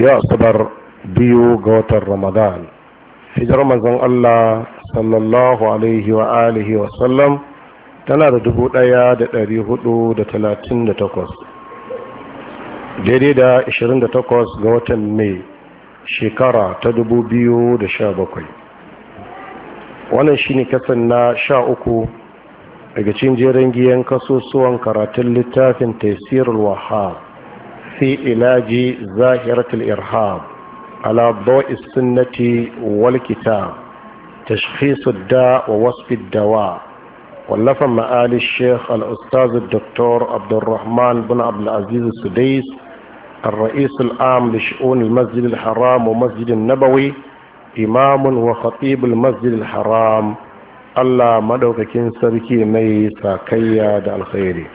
ya asabar biyu ga watan ramadan hijirar manzon allah sallallahu alaihi wa alihi wa sallam tana da dubu daya da dari hudu da talatin da takwas daidai da ashirin da takwas ga watan mai shekara ta dubu biyu da sha bakwai wannan shi ne kasan na sha uku daga cikin jerin giyan kasusuwan karatun littafin tafsirul wahab في علاج ظاهرة الإرهاب على ضوء السنة والكتاب تشخيص الداء ووصف الدواء ولف معالي الشيخ الأستاذ الدكتور عبد الرحمن بن عبد العزيز السديس الرئيس العام لشؤون المسجد الحرام ومسجد النبوي إمام وخطيب المسجد الحرام الله مدوككين سركي مي ساكيا دا الخيري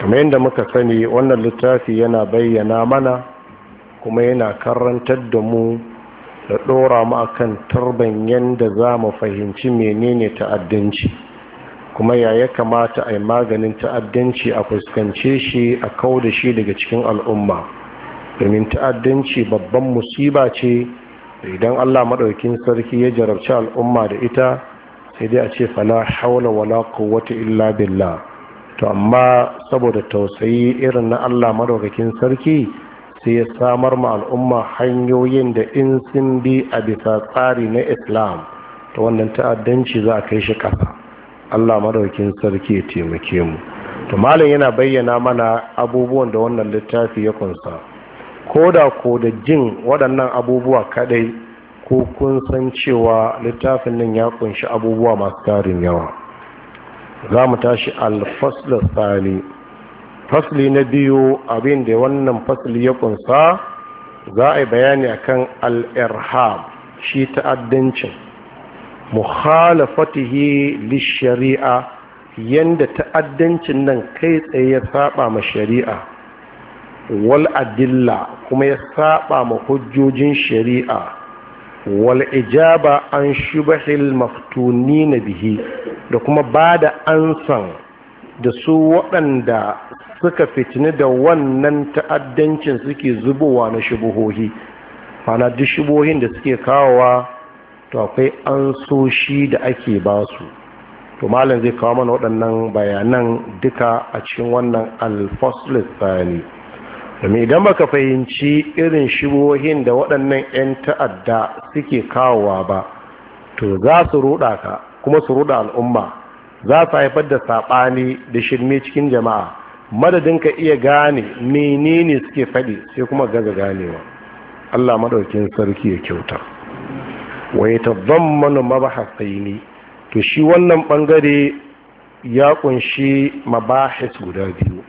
kamar yadda muka sani wannan littafi yana bayyana mana kuma yana karantar da mu da ɗora mu akan turban yadda za mu fahimci menene ta'addanci kuma ya ya kamata a yi maganin ta'addanci a fuskance shi a kau da shi daga cikin al'umma domin ta'addanci babban musiba ce idan allah maɗaukin sarki ya jarabci al'umma da ita sai dai a ce fala haula wala quwwata illa billah to amma saboda tausayi irin na allah madaukakin sarki sai ya samar ma al'umma hanyoyin da in sun bi a bisa tsari na islam ta wannan ta'addanci za a kai shi ƙasa allah madaukin sarki ya taimake mu to malam yana bayyana mana abubuwan da wannan littafi ya kunsa ko da ko da jin waɗannan abubuwa kaɗai ko kun san cewa littafin nan ya kunshi abubuwa masu tarin yawa za mu tashi alfasla tsani fasli na biyu abinda wannan fasli ya kunsa za a yi bayani akan al shi ta'addancin li shari'a yanda ta'addancin nan kai tsaye ya saba ma shari'a Wal'adilla kuma ya saba ma hujjojin shari'a Wal'ijaba an shubahil maftuni na bihi da kuma ba da ansan da su waɗanda suka fitini da wannan ta'addancin suke zubowa na shubuhohi mana duk shubuhohin da suke kawowa to akwai ansoshi da ake ba su to malam zai kawo mana waɗannan bayanan duka a cikin wannan alfaslis tsani domin idan baka fahimci irin shubuhohin da waɗannan 'yan ta'adda suke kawowa ba to za su ruɗa ka kuma su ruda al'umma za su haifar da saɓani da shirme cikin jama'a madadin ka iya gane menene suke faɗi sai kuma gaza ganewa Allah madaukin sarki ya kyauta wa ya tazammanu mabahasaini to shi wannan ɓangare ya kunshi mabahis guda biyu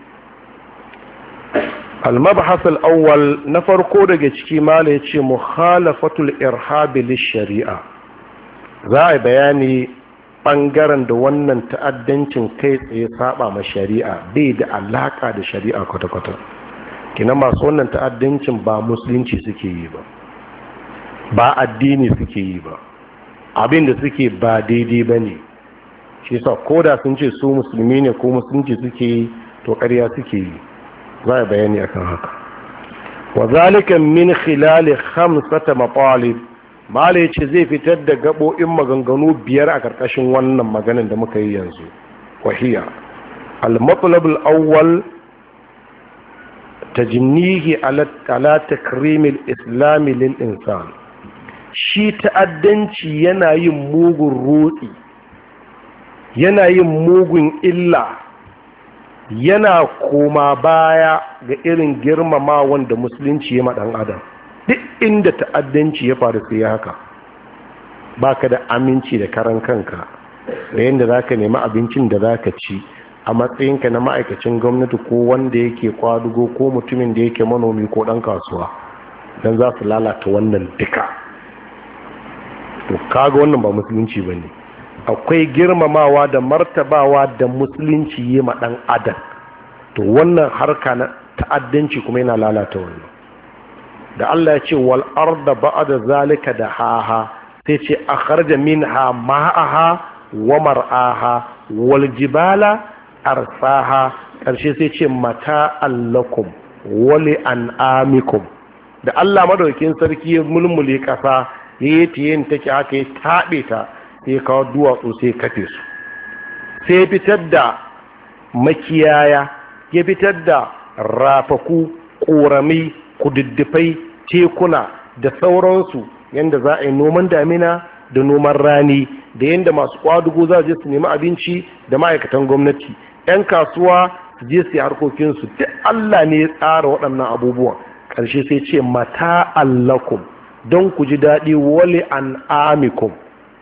Almaba mabahas al na farko daga ciki mala yace mukhalafatul irhab shari'a za a bayani ɓangaren da wannan ta'addancin kai tsaye saba ma shari'a bai da alaƙa da shari'a kwata-kwata kina masu wannan ta'addancin ba musulunci suke yi ba ba addini suke yi ba abin da suke ba daidai ba ne shi sa da sun ce su musulmi ne ko musulunci suke yi to ƙarya suke yi za a bayani akan haka wa zalika min khilali khamsata maqalib malai ce zai fitar da gaɓoɓin maganganu biyar a ƙarƙashin wannan maganin da muka yi yanzu wahiya al-matsalabul awwal ta jinihi ala takrimil islami lil insan shi ta'addanci yana yin mugun ruɗi yana yin mugun illa yana koma baya ga irin girmamawan da musulunci ya maɗan adam inda ta'addanci ya faru sai haka baka da aminci da karan kanka da yadda za ka nemi abincin da za ka ci a matsayinka na ma'aikacin gwamnati ko wanda yake kwadugo ko mutumin da yake manomi ko dan kasuwa don za su lalata wannan duka to kaga wannan ba musulunci ba ne akwai girmamawa da martabawa da musulunci yi ma ɗan adam to wannan harka na ta'addanci kuma yana lalata wannan da Allah ya ce wal arda ba'da zalika da haha sai ce akhraja minha ma'aha wa mar'aha wal jibala arsaha karshe sai ce mata allakum wali an'amikum da Allah madaukin sarki ya mulmule kasa yayi tiyin take haka ya tabe ta sai kawo duwatsu sai kafe su sai fitar da makiyaya ya fitar da rafaku ƙorami kududdufai tekuna da sauransu yadda za a yi noman damina da noman rani da yadda masu kwadugo za je su nemi abinci da ma'aikatan gwamnati 'yan kasuwa su je su yi harkokinsu duk allah ne ya tsara waɗannan abubuwan ƙarshe sai ce mata allakum don ku ji daɗi wale an amikum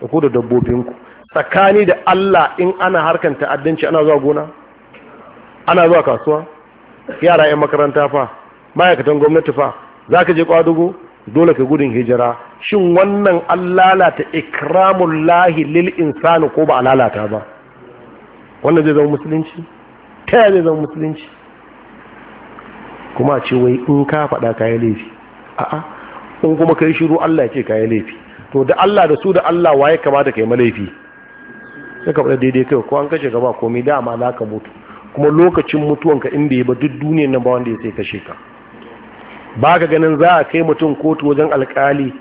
da ku da dabbobinku tsakani da allah in ana harkar ta'addanci ana zuwa gona ana zuwa kasuwa yara 'yan makaranta fa ma'aikatan gwamnati fa za ka je kwadugo dole ka gudun hijira shin wannan an lalata ikramun lahi lil insani ko ba a lalata ba wannan zai zama musulunci ta yaya zai zama musulunci kuma a ce wai in ka faɗa kayi laifi a'a in kuma kai shiru Allah ya ce kayi laifi to da Allah da su da Allah waye kamata kai malaifi sai ka faɗa daidai kai ko an kashe gaba ba komai dama za ka mutu kuma lokacin mutuwanka in ya ba duk duniyar nan ba wanda ya sai kashe ka ba ka ganin za a kai mutum kotu wajen alkali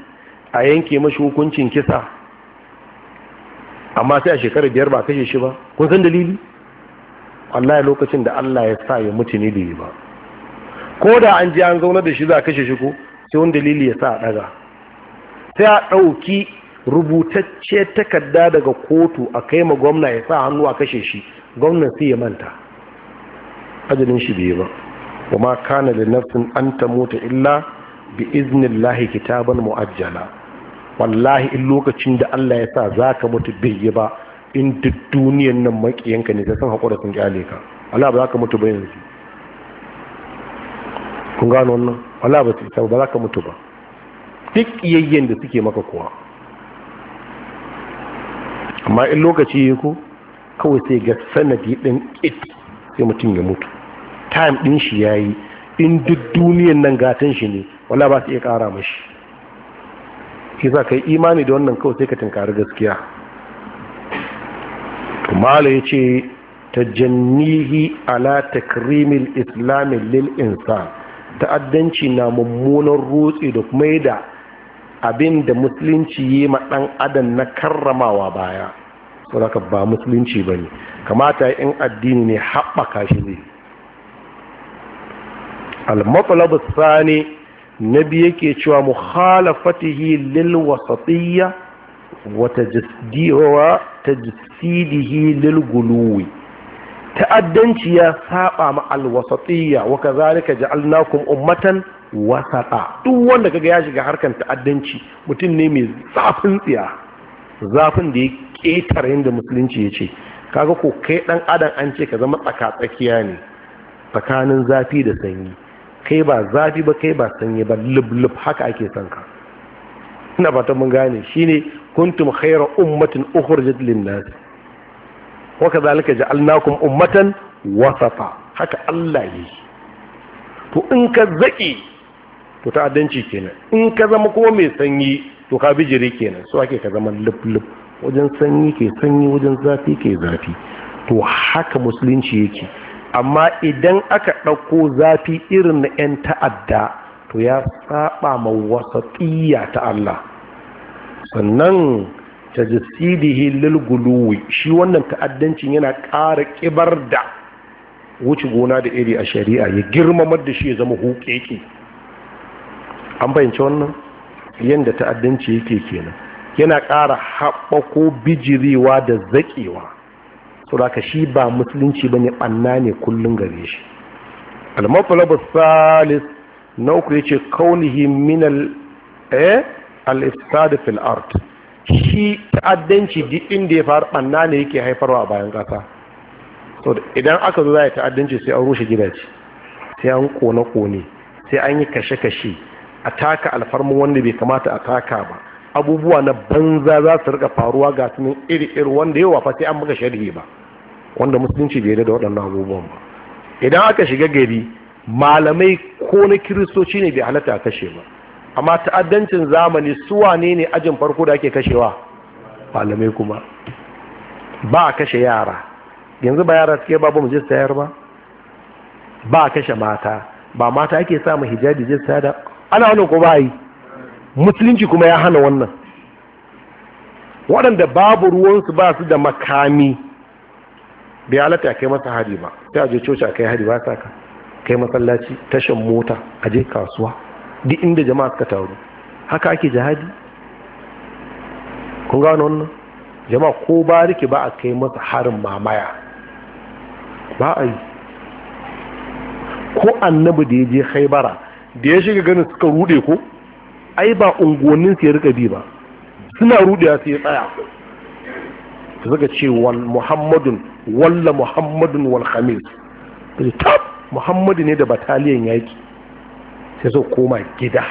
a yanke mashi hukuncin kisa amma sai a shekarar biyar ba kashe shi ba kun san dalili wallahi lokacin da Allah ya sa ya mutu ne yi ba ko da an ji an zauna da shi za a kashe shi ko sai wani dalili ya sa a daga sai a ɗauki rubutacce takarda daga kotu a kai ma gwamna ya sa hannu a kashe shi gwamna sai ya manta ajalin shi bai ba wa ma kana da nafsin an ta mota illa bi iznillahi kitaban mu'ajjala wallahi in lokacin da Allah ya sa za ka mutu bai yi ba in duk duniyan nan makiyanka ne sai san haƙura sun kyale ka Allah ba za ka mutu ba yanzu kun gano wannan Allah ba ta ba za ka mutu ba duk iyayyen da suke maka kuwa amma in lokaci ya ku kawai sai ga sanadi ɗin ƙit sai mutum ya mutu time din shi ya yi, in duk duniyan nan gatan shi ne wala ba su iya kara mashi shi za ka yi imani da wannan kawai sai ka tunkari gaskiya mala ya ce ta jannihi ala takrimil islamin lil insan ta'addanci na mummunan rutse da kuma da abin da musulunci yi ma dan adam na karramawa baya saboda ba musulunci ba ne kamata in addini ne haɓaka shi ne al-matlab Sani biyu yake cewa mukhalafatihi lil wasatiyya wa tajdiwa tajsidihi lil guluwi ta'addanci ya saɓa ma al-wasatiyya wa kadhalika ja'alnakum ummatan wasata duk wanda kaga ya shiga harkan ta'addanci mutum ne mai zafin tsiya zafin da ya ƙetare yadda musulunci ya ce kaga ko kai ɗan adam an ce ka zama tsaka tsakiya ne tsakanin zafi da sanyi kai ba zafi ba kai ba sanyi ba lublub haka ake son ka ina fata mun gane shine kuntum khayra ummatin ukhrijat lin-nas wa kadhalika ja'alnakum ummatan wasafa haka Allah yi to in ka zaki to ta'addanci kenan in ka zama kuma mai sanyi to ka bijire kenan so ake ka zama lublub wajen sanyi ke sanyi wajen zafi ke zafi to haka musulunci yake amma idan aka ɗauko zafi irin na 'yan ta'adda to ya saba ma wasaƙiyya ta Allah sannan ta jisidihi guluwi shi wannan ta'addancin yana ƙara ƙibar da wuce gona da iri a shari'a ya girmamar da shi ya zama hukeke an bayyance wannan yadda ta'addanci yake kenan yana ƙara haɓako bijirewa da zaƙewa so shi ba musulunci bane banna ne kullun gare shi al-matlab salis na uku yace kaunihi min eh, al ifsad fil ard shi ta'addanci duk inda ya faru banna ne yake haifarwa a bayan kasa so idan aka zo za a ta'addanci sai an rushe gidaje sai an kone kone sai an yi kashe kashe a taka alfarmar wanda bai kamata a taka ba abubuwa na banza za su rika faruwa ga sunan iri-iri wanda yawa fa sai an maka sharhi ba wanda musulunci bai da waɗannan abubuwan ba idan aka shiga gari malamai ko na kiristoci ne bai halatta a kashe ba amma ta'addancin zamani su ne ne ajin farko da ake kashewa malamai kuma ba a kashe yara yanzu ba yara suke babu mu je sayar ba ba a kashe mata ba mata ake samu hijabi je sayar da ana wannan ko ba yi musulunci kuma ya hana wannan waɗanda babu ruwansu ba su da makami bai halatta kai masa hari ba sai a je coci a kai hari ba sa ka kai masallaci tashan mota a je kasuwa duk inda jama'a suka taru haka ake jihadi kun gano wannan jama'a ko bariki ba a kai masa harin mamaya ba a yi ko annabi da ya je haibara da ya shiga ganin suka rude ko ai ba unguwannin su ya rika bi ba suna rudewa su ya tsaya da suka ce muhammadun walla muhammadun wal khamis sai tab muhammadu ne da bataliyan yaki sai su koma gida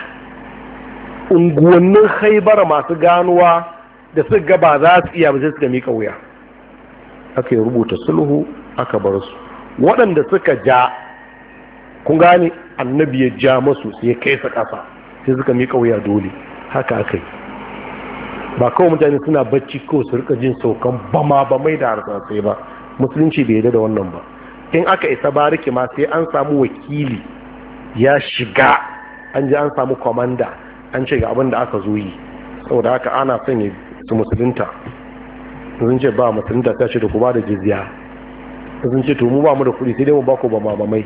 unguwannin haibar masu ganuwa da su ga ba za su iya ba sai suka mika wuya aka rubuta sulhu aka bar su waɗanda suka ja kun gane annabi ya ja masu sai kai su ƙasa sai suka mika wuya dole haka aka yi ba kawai mutane suna bacci ko su rika jin saukan bama ba mai da harsatsai ba musulunci bai yadda da wannan ba in aka isa bariki ma sai an samu wakili ya shiga an ji an samu kwamanda an ce ga abin da aka zo yi saboda haka ana son ya su musulunta sun ce ba musulunta ta ce da kuma da jizya sun ce to mu ba mu da kuɗi sai dai mu ba ku ba mai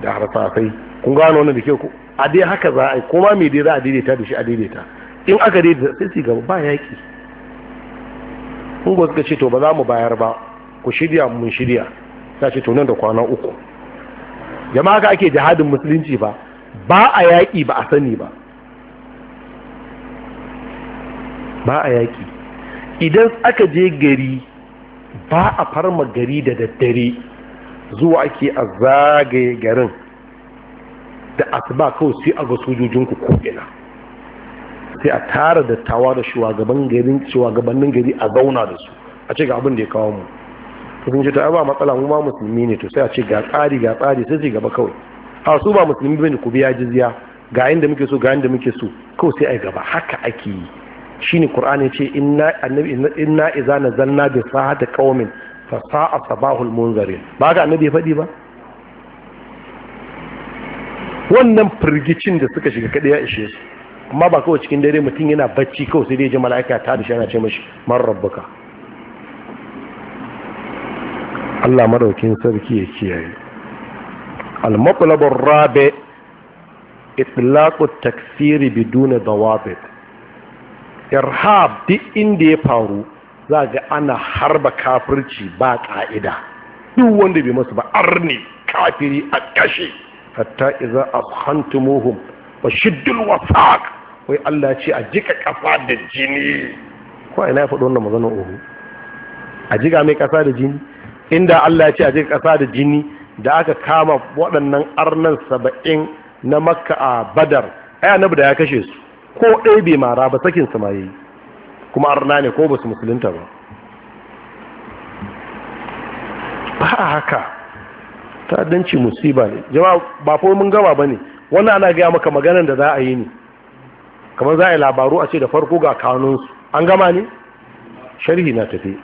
da harsatsai kun gano wannan da ke ku a dai haka za a yi kuma mai dai za a daidaita da shi a daidaita in aka daidaita sai su gaba ba yaƙi ungo suka ce to ba za mu bayar ba ku shirya mun shirya ta ce to nan da kwana uku jama'a ka ake jihadin musulunci ba ba a yaƙi ba a sani ba ba a yaƙi idan aka je gari ba a farma gari da daddare zuwa ake a zagaye garin da asuba kawai sai a ga sojojinku kuɗe sai a tara dattawa da shugaban gari shugabannin gari a zauna da su a ce ga abin da ya kawo mu to ce ta ba matsala mu ma musulmi ne to sai a ce ga tsari ga tsari sai su gaba kawai a su ba musulmi bane ku biya jizya ga yanda muke so ga yanda muke so kawai sai a gaba haka ake yi shine qur'ani ce inna annabi inna idza nazalna bi sahati qaumin fa sa'a sabahul munzarin ba ga annabi ya faɗi ba wannan firgicin da suka shiga kada ya ishe su amma ba kawai cikin dare mutum yana bacci kawai sai dai ji mala'ika ta da shi ce mashi man rabbuka Allah madaukin sarki ya kiyaye al-matlab ar-rabi itlaq at-takfir bidun dawabit irhab duk inda ya faru za ga ana harba kafirci ba ka'ida duk wanda bai masu ba arni kafiri a kashe hatta idza afhantumuhum wa shiddul wasaq wai Allah ce a jika kafa da jini ko ina ya faɗo wannan magana uhu a jika mai kasa da jini inda Allah ce a jika kasa da jini da aka kama waɗannan arnan saba'in na makka a badar ai annabi da ya kashe su ko ɗaya bai mara ba sakin su ma yi kuma arna ne ko ba su musulunta ba ba haka ta danci musiba ne jama'a ba fa mun gaba bane wannan ana gaya maka maganan da za a yi ne kamar za a yi labaru a ce da farko ga kanunsu an gama ne sharhi na tafi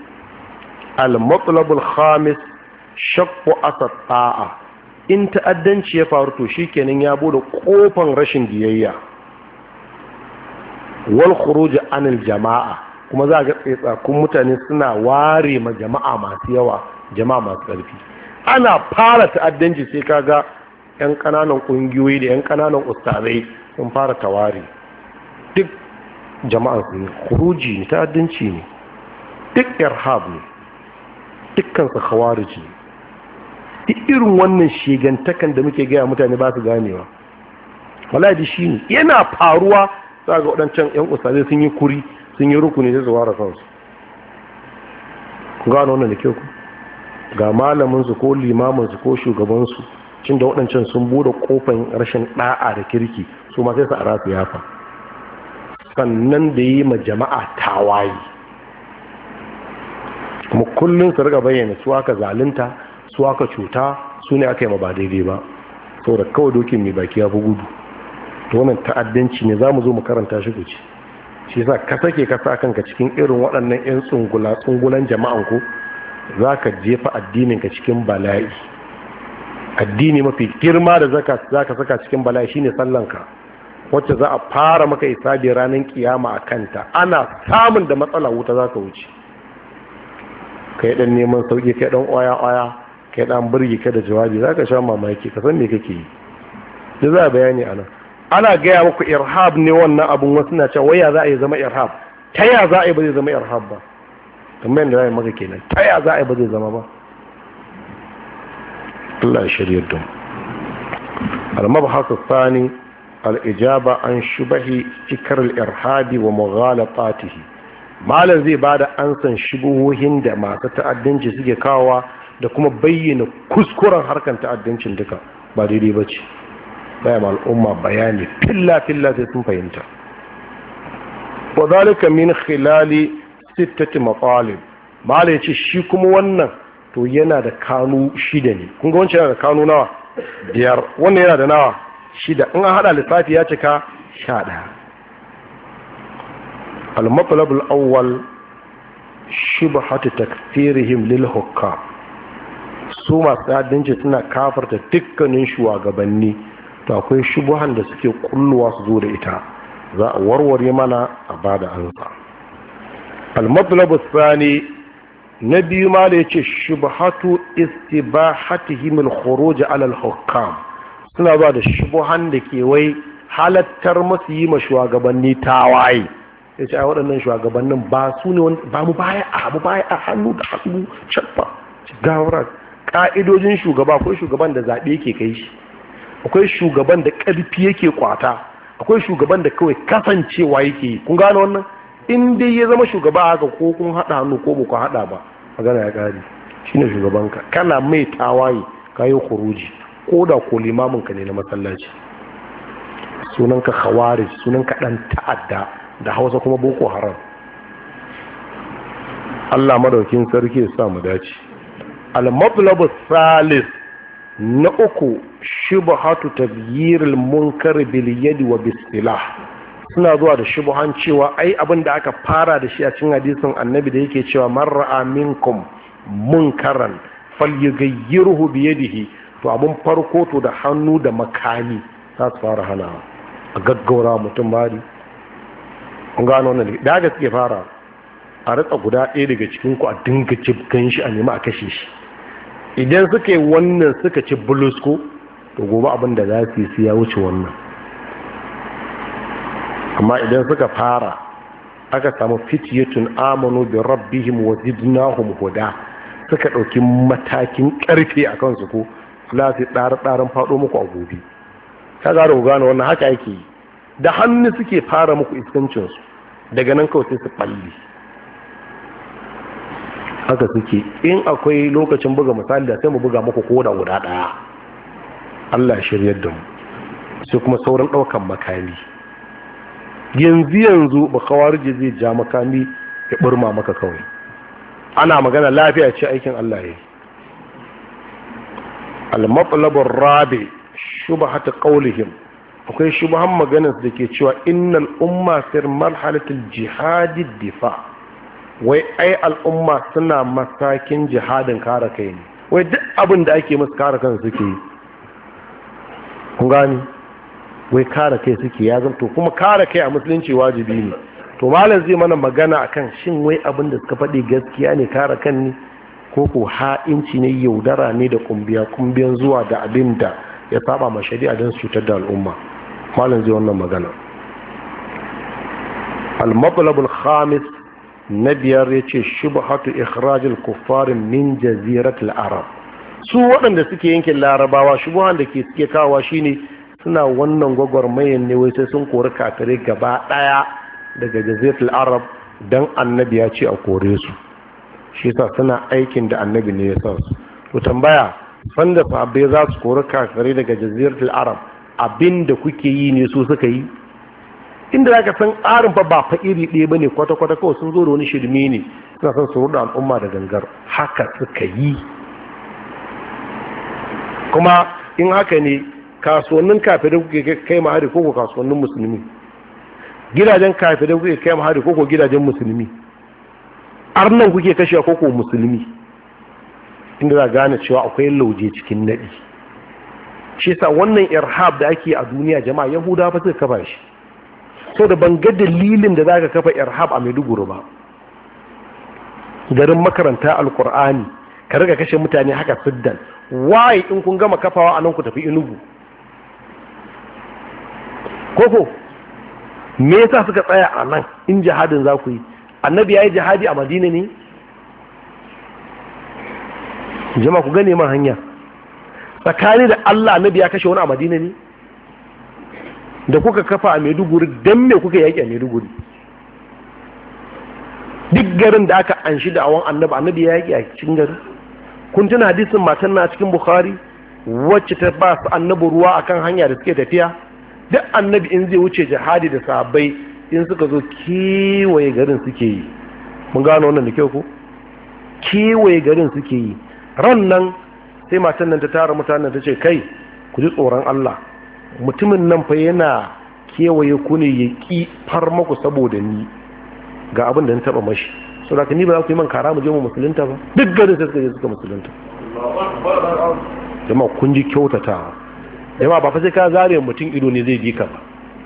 al-matsalabul khamis shakku asar ta'a in ta'addanci ya faru to shi kenan ya bude kofan rashin biyayya wal khuruj anil jama'a kuma za ga tsakun mutane suna ware ma jama'a masu yawa jama'a masu ƙarfi ana fara ta'addanci sai kaga yan ƙananan ƙungiyoyi da yan kananan ustazai sun fara tawari duk jama'a ne kuruji ne ta'addanci ne duk irhab ne dukkan su ne. duk irin wannan shigantakan da muke gaya mutane ba su ganewa wallahi shi ne yana faruwa za ga waɗancan yan ustazai sun yi kuri sun yi rukuni da zuwa kansu ku gano wannan da kyau ga malamin su ko limamin ko shugabansu. cin da waɗancan sun bude kofan rashin ɗa'a da kirki su ma sai su a rasu yafa sannan da yi ma jama'a tawaye kuma kullum su riga bayyana su aka zalunta su aka cuta su ne aka yi ma ba daidai ba saboda kawai dokin mai baki ya fi gudu to wannan ta'addanci ne za mu zo mu karanta shi ku ci shi sa ka sake ka kanka cikin irin waɗannan 'yan tsungula tsungulan jama'an ko za ka jefa addinin ka cikin bala'i addini mafi girma da za ka saka cikin bala'i ne sallanka wacce za a fara maka isabi ranar kiyama a kanta ana samun da matsala wuta za ka wuce ka yi dan neman sauki ka yi dan oya oya ka yi dan birgi ka da jawabi za ka sha mamaki ka san me kake yi da za a bayani a nan ana gaya muku irhab ne wannan abun wasu na cewa waya za a yi zama irhab ta ya za a yi ba zai zama irhab ba tambayan yadda za a yi maka kenan ta ya za a yi ba zai zama ba Allah shirya dum al-mabhasu thani al-ijaba an shubahi ikar al-irhabi wa mughalatatihi malam zai bada ansan shubuhohin da masu ta'addanci suke kawa da kuma bayyana kuskuren harkar ta'addancin duka ba daidai ba ce bayan al'umma bayani filla-filla sai sun fahimta wa zalika min khilali sittati maqalib malai ce shi kuma wannan to yana da kanu shida ne kun ga wancan yana da kanu nawa biyar wannan yana da nawa shida in an haɗa lissafi ya cika sha ɗaya al-matlabul awwal hatu takfirihim lil su masu ɗadinci suna kafarta dukkanin shugabanni to akwai shubuhan da suke kulluwa su zo da ita za a warware mana a bada ansa al-matlabus na biyu ma da ya ce shubhatu istibahatihim al-khuruj ala al-hukam suna ba da shubhan da ke wai halattar masu yi ma shugabanni tawaye ya ce a waɗannan shugabannin ba su ne ba mu baya a mu baya a hannu da hannu ci gawara ka'idojin shugaba akwai shugaban da zaɓe yake kai shi akwai shugaban da ƙarfi yake kwata akwai shugaban da kawai kasancewa yake yi kun gane wannan in dai ya zama shugaba haka ko kun haɗa hannu ko ba ku haɗa ba magana ya ƙari shine shugabanka kana mai tawaye ka yi kuruji ko da ko limamin ka ne na masallaci sunanka khawarij sunanka ɗan ta'adda da hausa kuma boko haram Allah madaukin sarki ya sa mu dace al-mablabu salis na uku shubhatu tabyir al-munkar bil yadi wa bis silah suna zuwa da shubuhan cewa ai abin da aka fara da shi a cikin hadisin annabi da yake cewa mar'a minkum munkaran falyughayyirhu bi dihi to abun farko to da hannu da makami za su fara hana a gaggaura mutum bari kun gano wannan da ga suke fara a ratsa guda ɗaya daga cikin ku a dinga cibgan shi a nemi a kashe shi idan suka yi wannan suka ci bulus to gobe abin da za su yi ya wuce wannan amma idan suka fara aka samu fitiyatun amanu bi rabbihim wa zidnahum huda suka ɗauki matakin ƙarfe a kansu ko la su darin faɗo muku a gobe Ka ga ku gane wannan haka yake da hannu suke fara muku su daga nan kawai su ɓalli haka suke in akwai lokacin buga misali da sai mu buga muku da guda ɗaya Allah ya shiryar da mu sai kuma sauran ɗaukan makami yanzu yanzu ba zai ja makami ya burma maka kawai ana magana lafiya ce aikin Allah ya al-matlabur rabi shubhat qawlihim akwai shubahan maganar da ke cewa innal umma fir marhalatil jihad difa wai ai al'umma suna matakin jihadin kare kai ne wai duk abin da ake musu kare kansu suke yi kun gani wai kare kai suke ya zanto kuma kare kai a musulunci wajibi ne to malam zai mana magana akan shin wai abin da suka faɗi gaskiya ne kare kan ne ko ko ha'inci ne yaudara ne da kumbiya kumbiyan zuwa da abin da ya saba ma shari'a don cutar da al'umma malam zai wannan magana al-mablabul khamis na biyar ya ce shubhatu ikhrajil kuffarin min jaziratul arab su waɗanda suke yankin larabawa shubuhan da ke suke kawo shine suna wannan gwagwarmayan ne wai sai sun kori kafirai gaba ɗaya daga jazirul arab don annabi ya ce a kore su shi sa suna aikin da annabi ne ya sa su to tambaya sanda sahabbai za su kori kafirai daga jazirul arab abin da kuke yi ne su suka yi inda zaka san tsarin fa ba fa iri ɗaya ne kwata kwata kawai sun zo da wani shirme ne suna son su ruɗa al'umma da gangar haka suka yi kuma in haka ne kasuwannin kafin da kuke kai ma hari koko kasuwannin musulmi gidajen kafin da kuke kai ma hari koko gidajen musulmi arnan kuke kashe koko musulmi inda za gane cewa akwai lauje cikin nadi shi sa wannan irhab da ake a duniya jama'a yahuda fa suka kafa shi so da ban ga dalilin da zaka kafa irhab a maiduguri ba garin makaranta alkur'ani ka riga kashe mutane haka siddan waye in kun gama kafawa a nan ku tafi inugu koko me yasa suka tsaya a nan in jihadin za ku yi annabi ya yi jihadi a madina ne jama ku gane man hanya tsakani da allah annabi ya kashe wani a madina ne da kuka kafa a maiduguri don me kuka yaƙi a maiduguri duk garin da aka anshi shi da'awan annabi annabi ya yaƙi a cikin garin kun tuna hadisin matan na cikin bukhari wacce ta ba su annabi ruwa akan hanya da suke tafiya duk annabi in zai wuce jihadi da sabai in suka zo kewaye garin suke yi mun gano wannan da kyau ko kewaye garin suke yi ran nan sai matan nan ta tara mutanen ta ce kai ku ji tsoron Allah mutumin nan fa yana kewaye ku ne ya ki far maku saboda ni ga abin da na taba mashi so da ni ba za ku yi man kara mu je mu musulunta ba duk garin sai suka je suka musulunta jama'a kun ji kyautatawa jama ba fa sai ka zare mutum ido ne zai bi ka ba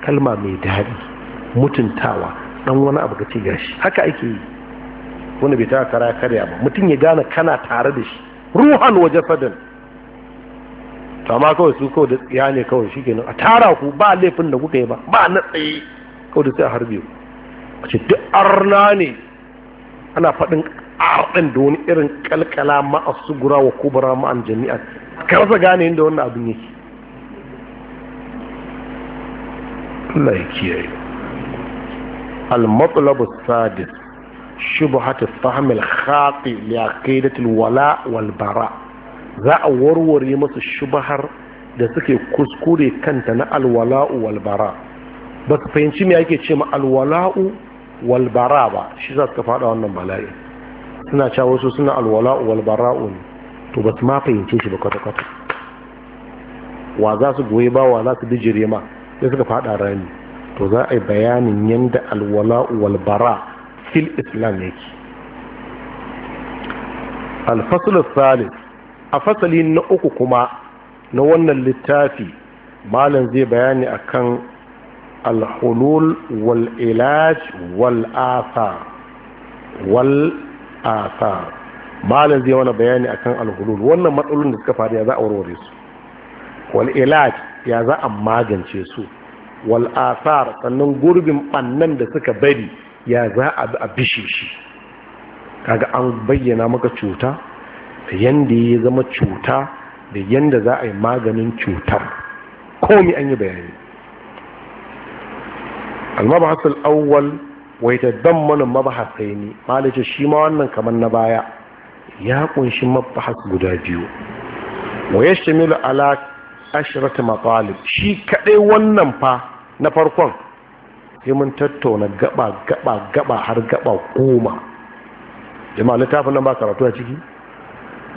kalma mai daɗi mutuntawa dan wani abu ka ce gashi haka ake yi wani bai taka kara karya ba mutum ya gane kana tare da shi ruhan waje fadin to amma kawai su kawai da tsiya ne kawai shi kenan a tara ku ba laifin da kuka yi ba ba na tsaye kawai da sai a harbe a ce duk arna ne ana faɗin arɗin da wani irin kalkala ma'a sugura wa kubara ma'an jami'a karsa gane inda wannan abin yake Allah ya kiyaye al-matlab sadis shubhat as-fahm al-khati li aqidat al-wala wal bara za a warware musu shubhar da suke kuskure kanta na al-wala'u wal bara ba su fahimci me ake ce ma al-wala'u wal bara ba shi za su faɗa wannan bala'i suna cewa wasu suna al-wala'u wal bara'u to ba su ma fahimce shi ba kwata-kwata wa za su goyi ba wa za su bijire ma sai suka fada rani to za a yi bayanin yadda alwala walbara fil islam yake alfasul salis a fasali na uku kuma na wannan littafi malam zai bayani akan alhulul wal ilaj wal malam zai wani bayani akan alhulul wannan matsalolin da suka faru ya za a warware su wal ilaj ya za a magance su wal asar sannan gurbin bannan da suka bari ya za a bishe shi kaga an bayyana maka cuta da yanda ya zama cuta da yanda za a yi maganin cutar komi an yi bayani al wai ta dan wa mabahasai ne malice shi ma wannan kamar na baya ya kunshi mabahas guda biyu wa yashtamilu ala ashirata matsalib shi kaɗai wannan fa na farkon sai mun tattauna gaba gaba gaba har gaba goma jama'a littafin nan ba karatu a ciki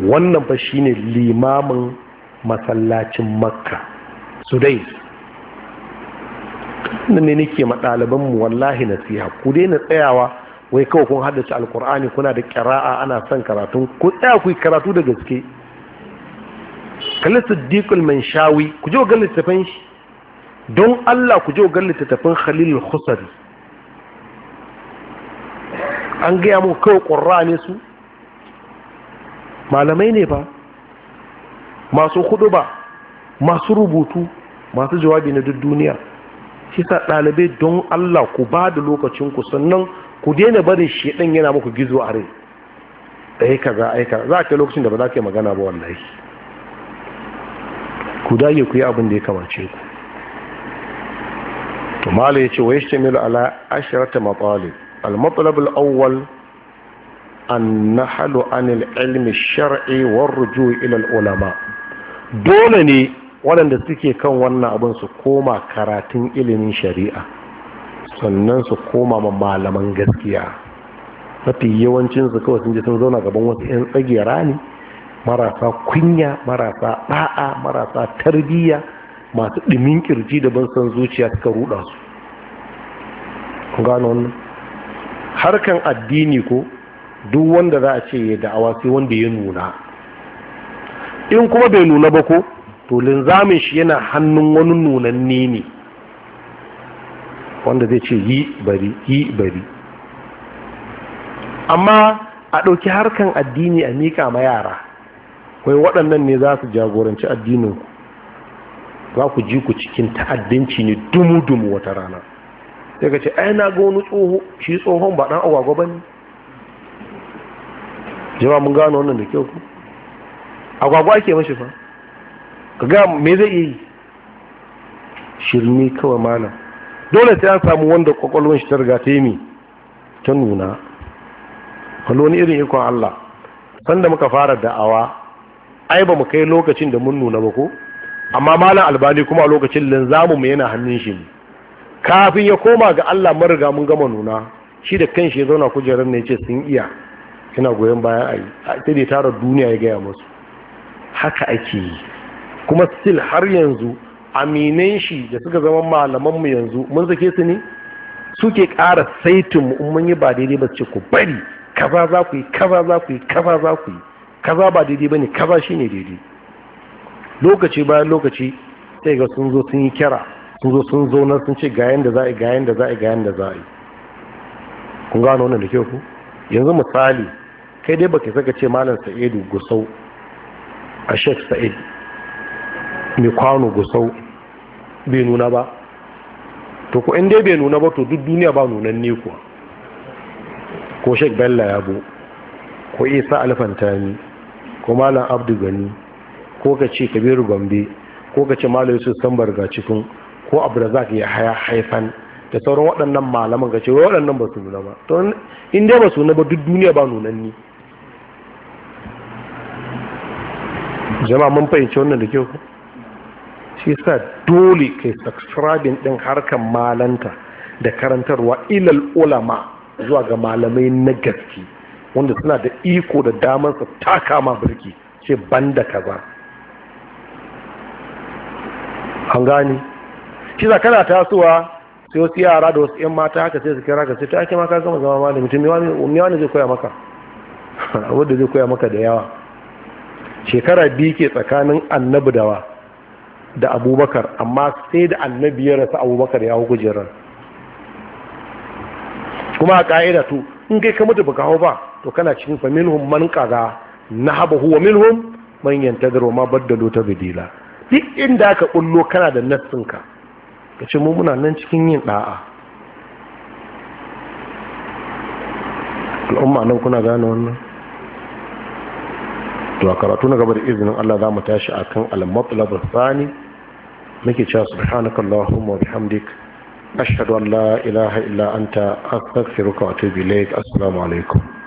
wannan fa shine limamin masallacin makka su nan ne nake ma mu wallahi nasiha ku daina tsayawa wai kawai kun haddace alkur'ani kuna da ƙira'a ana son karatun ku tsaya ku yi karatu da gaske kalli man shawi, ku je ga littafin shi don Allah ku je ga littafin Khalil Khusari an gaya mu kawai ƙurra ne su malamai ne ba masu hudu ba masu rubutu masu jawabi na duk duniya shi sa ɗalibai don Allah ku ba da lokacinku sannan ku daina barin shedan yana muku gizo a rai ɗaya kaza aika za a kai lokacin da ba za ka yi magana ba wallahi ku dage ku yi abin da ya kamace ku to mala ce wa yashtamil ala asharata matalib al matlab al awwal an nahalu an al ilm shar'i war rujuu ila al ulama dole ne waɗanda suke kan wannan abin su koma karatun ilimin shari'a sannan su koma ma malaman gaskiya mafi yawancinsu kawai sun je sun zauna gaban wasu 'yan tsagera ne marasa kunya marasa ɗa'a marasa tarbiyya masu ɗimin ƙirji da ban san zuciya suka ruɗa su gano wannan harkan addini ko duk wanda za a ce ya da'awa sai wanda ya nuna in kuma bai nuna ba ko to linzamin shi yana hannun wani nunanne ne wanda zai ce yi bari yi bari amma a ɗauki harkan addini a mika ma yara wai waɗannan ne za su jagoranci addinin za ku ji ku cikin ta'addanci ne dumu-dumu wata rana sai ka ce ai na ga wani tsoho shi tsohon ba ɗan agwagwa ba ne jima mun gano wannan da kyau ku agwagwa ake mashi fa ka ga me zai yi shirni kawai malam dole ta ya samu wanda kwakwalwar shi ta riga ta yi ta nuna wani irin ikon Allah sanda muka fara da'awa ai ba mu kai lokacin da mun nuna ba ko amma malam albani kuma lokacin linzamu mu yana hannun shi ne kafin ya koma ga Allah mun riga mun gama nuna shi da kanshi ya zauna kujerar ne ya ce sun iya ina goyon bayan ayi sai da tara duniya ya gaya musu haka ake yi kuma still har yanzu aminan shi da suka zama malaman mu yanzu mun sake su ne suke ƙara saitin mu in mun yi ba daidai ba ce ku bari kaza za ku yi kaza za ku yi kaza za ku yi kaza ba daidai bane kaza shine daidai lokaci bayan lokaci sai ga sun zo sun yi kira sun zo sun zo sun ce ga yanda za a yi ga yanda za a yi ga yanda za a yi kun gano wannan da kyau ku yanzu misali kai dai baka saka ce malam sa'idu gusau a sheikh sa'id mai kwano gusau bai nuna ba to ku in dai bai nuna ba to duk duniya ba nunan ne kuwa ko sheikh bella bu ko isa alfantani ko malam abdu gani ko ka ce kabiru gombe ko ka ce malam yusuf sambar ga cikin ko abdulrazak ya haya haifan da sauran waɗannan malaman ka ce waɗannan ba su nuna ba to in dai ba su nuna ba duk duniya ba nunanni jama'a mun fahimci wannan da kyau ku shi sa dole kai subscribing ɗin harkar malanta da karantarwa ilal ulama zuwa ga malamai na gaske wanda suna da iko da damar su taka ma birki ce banda kaza an gani shi za kana tasowa sai wasu yara da wasu yan mata haka sai su kira ka sai ta ake maka gama zama ma da mutum me wani zai koya maka abin da zai koya maka da yawa shekara biyu ke tsakanin annabi dawa da abubakar amma sai da annabi ya rasa abubakar ya hau kuma a ka'ida tu in kai ka mutu baka hau ba to kana cikin fa minhum man qaga nahabahu wa minhum man yantadhir wa ma baddalu tabdila duk inda aka bullo kana da ka kace mu muna nan cikin yin da'a al'umma nan kuna gane wannan to a karatu na gaba da izinin Allah za mu tashi akan al-matlab al-thani nake cewa subhanaka allahumma wa bihamdik ashhadu an la ilaha illa anta astaghfiruka wa atubu ilayk assalamu alaikum